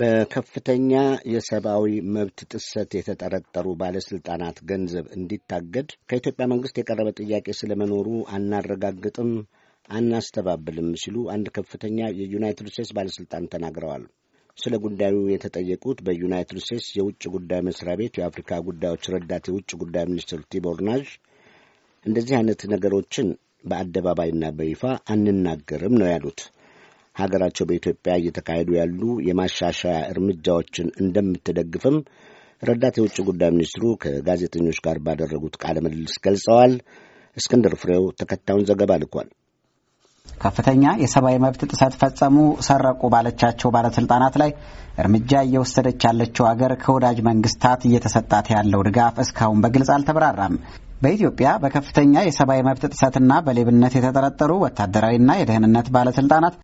በከፍተኛ የሰብአዊ መብት ጥሰት የተጠረጠሩ ባለስልጣናት ገንዘብ እንዲታገድ ከኢትዮጵያ መንግስት የቀረበ ጥያቄ ስለመኖሩ አናረጋግጥም፣ አናስተባብልም ሲሉ አንድ ከፍተኛ የዩናይትድ ስቴትስ ባለስልጣን ተናግረዋል። ስለ ጉዳዩ የተጠየቁት በዩናይትድ ስቴትስ የውጭ ጉዳይ መስሪያ ቤት የአፍሪካ ጉዳዮች ረዳት የውጭ ጉዳይ ሚኒስትር ቲቦር ናዥ እንደዚህ አይነት ነገሮችን በአደባባይና በይፋ አንናገርም ነው ያሉት። ሀገራቸው በኢትዮጵያ እየተካሄዱ ያሉ የማሻሻያ እርምጃዎችን እንደምትደግፍም ረዳት የውጭ ጉዳይ ሚኒስትሩ ከጋዜጠኞች ጋር ባደረጉት ቃለ ምልልስ ገልጸዋል። እስክንድር ፍሬው ተከታዩን ዘገባ ልኳል። ከፍተኛ የሰብአዊ መብት ጥሰት ፈጸሙ፣ ሰረቁ ባለቻቸው ባለስልጣናት ላይ እርምጃ እየወሰደች ያለችው አገር ከወዳጅ መንግስታት እየተሰጣት ያለው ድጋፍ እስካሁን በግልጽ አልተብራራም። በኢትዮጵያ በከፍተኛ የሰብአዊ መብት ጥሰትና በሌብነት የተጠረጠሩ ወታደራዊና የደህንነት ባለስልጣናት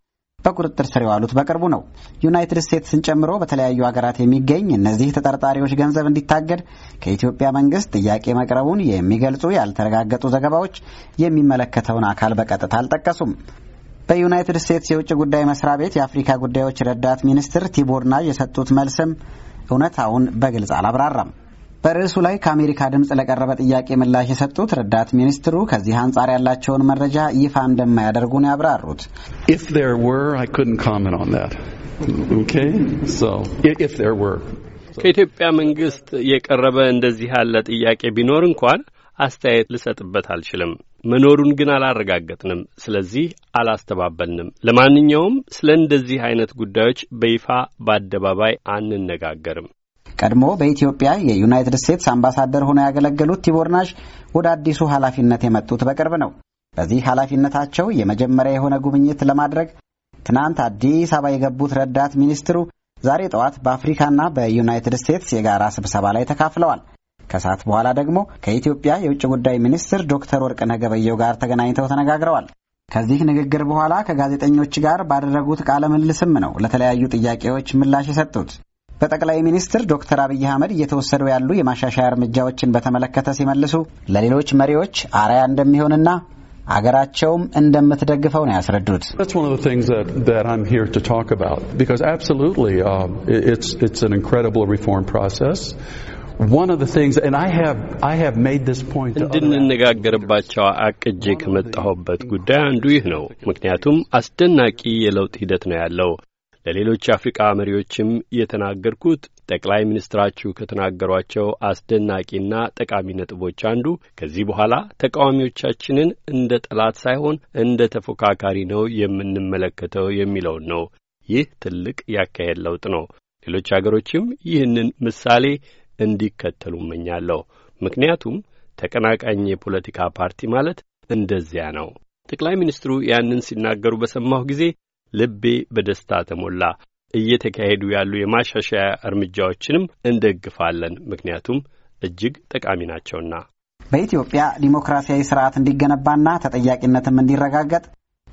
በቁጥጥር ስር የዋሉት በቅርቡ ነው። ዩናይትድ ስቴትስን ጨምሮ በተለያዩ ሀገራት የሚገኝ እነዚህ ተጠርጣሪዎች ገንዘብ እንዲታገድ ከኢትዮጵያ መንግስት ጥያቄ መቅረቡን የሚገልጹ ያልተረጋገጡ ዘገባዎች የሚመለከተውን አካል በቀጥታ አልጠቀሱም። በዩናይትድ ስቴትስ የውጭ ጉዳይ መስሪያ ቤት የአፍሪካ ጉዳዮች ረዳት ሚኒስትር ቲቦር ናዥ የሰጡት መልስም እውነታውን በግልጽ አላብራራም። በርዕሱ ላይ ከአሜሪካ ድምፅ ለቀረበ ጥያቄ ምላሽ የሰጡት ረዳት ሚኒስትሩ ከዚህ አንጻር ያላቸውን መረጃ ይፋ እንደማያደርጉ ነው ያብራሩት። ከኢትዮጵያ መንግስት የቀረበ እንደዚህ ያለ ጥያቄ ቢኖር እንኳን አስተያየት ልሰጥበት አልችልም። መኖሩን ግን አላረጋገጥንም፣ ስለዚህ አላስተባበልንም። ለማንኛውም ስለ እንደዚህ አይነት ጉዳዮች በይፋ በአደባባይ አንነጋገርም። ቀድሞ በኢትዮጵያ የዩናይትድ ስቴትስ አምባሳደር ሆነው ያገለገሉት ቲቦር ናሽ ወደ አዲሱ ኃላፊነት የመጡት በቅርብ ነው። በዚህ ኃላፊነታቸው የመጀመሪያ የሆነ ጉብኝት ለማድረግ ትናንት አዲስ አበባ የገቡት ረዳት ሚኒስትሩ ዛሬ ጠዋት በአፍሪካና በዩናይትድ ስቴትስ የጋራ ስብሰባ ላይ ተካፍለዋል። ከሰዓት በኋላ ደግሞ ከኢትዮጵያ የውጭ ጉዳይ ሚኒስትር ዶክተር ወርቅነህ ገበየሁ ጋር ተገናኝተው ተነጋግረዋል። ከዚህ ንግግር በኋላ ከጋዜጠኞች ጋር ባደረጉት ቃለ ምልልስም ነው ለተለያዩ ጥያቄዎች ምላሽ የሰጡት። በጠቅላይ ሚኒስትር ዶክተር አብይ አህመድ እየተወሰዱ ያሉ የማሻሻያ እርምጃዎችን በተመለከተ ሲመልሱ ለሌሎች መሪዎች አርአያ እንደሚሆንና አገራቸውም እንደምትደግፈው ነው ያስረዱት። um, እንድንነጋገርባቸው አቅጄ ከመጣሁበት ጉዳይ አንዱ ይህ ነው። ምክንያቱም አስደናቂ የለውጥ ሂደት ነው ያለው። ለሌሎች አፍሪቃ መሪዎችም የተናገርኩት ጠቅላይ ሚኒስትራችሁ ከተናገሯቸው አስደናቂና ጠቃሚ ነጥቦች አንዱ ከዚህ በኋላ ተቃዋሚዎቻችንን እንደ ጠላት ሳይሆን እንደ ተፎካካሪ ነው የምንመለከተው የሚለውን ነው። ይህ ትልቅ ያካሄድ ለውጥ ነው። ሌሎች አገሮችም ይህንን ምሳሌ እንዲከተሉ እመኛለሁ። ምክንያቱም ተቀናቃኝ የፖለቲካ ፓርቲ ማለት እንደዚያ ነው። ጠቅላይ ሚኒስትሩ ያንን ሲናገሩ በሰማሁ ጊዜ ልቤ በደስታ ተሞላ። እየተካሄዱ ያሉ የማሻሻያ እርምጃዎችንም እንደግፋለን፣ ምክንያቱም እጅግ ጠቃሚ ናቸውና። በኢትዮጵያ ዲሞክራሲያዊ ስርዓት እንዲገነባና ተጠያቂነትም እንዲረጋገጥ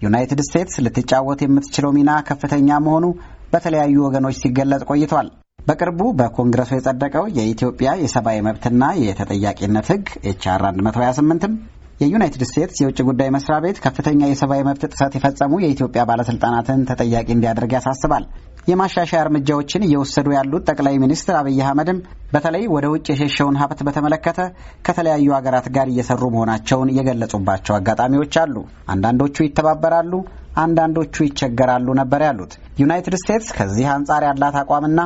ዩናይትድ ስቴትስ ልትጫወት የምትችለው ሚና ከፍተኛ መሆኑ በተለያዩ ወገኖች ሲገለጽ ቆይቷል። በቅርቡ በኮንግረሱ የጸደቀው የኢትዮጵያ የሰብአዊ መብትና የተጠያቂነት ሕግ ኤችአር 128ም የዩናይትድ ስቴትስ የውጭ ጉዳይ መስሪያ ቤት ከፍተኛ የሰብአዊ መብት ጥሰት የፈጸሙ የኢትዮጵያ ባለስልጣናትን ተጠያቂ እንዲያደርግ ያሳስባል። የማሻሻያ እርምጃዎችን እየወሰዱ ያሉት ጠቅላይ ሚኒስትር አብይ አህመድም በተለይ ወደ ውጭ የሸሸውን ሀብት በተመለከተ ከተለያዩ ሀገራት ጋር እየሰሩ መሆናቸውን የገለጹባቸው አጋጣሚዎች አሉ። አንዳንዶቹ ይተባበራሉ፣ አንዳንዶቹ ይቸገራሉ ነበር ያሉት። ዩናይትድ ስቴትስ ከዚህ አንጻር ያላት አቋምና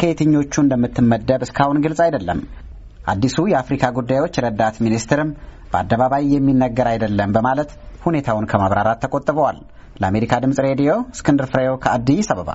ከየትኞቹ እንደምትመደብ እስካሁን ግልጽ አይደለም። አዲሱ የአፍሪካ ጉዳዮች ረዳት ሚኒስትርም በአደባባይ የሚነገር አይደለም በማለት ሁኔታውን ከማብራራት ተቆጥበዋል። ለአሜሪካ ድምፅ ሬዲዮ እስክንድር ፍሬው ከአዲስ አበባ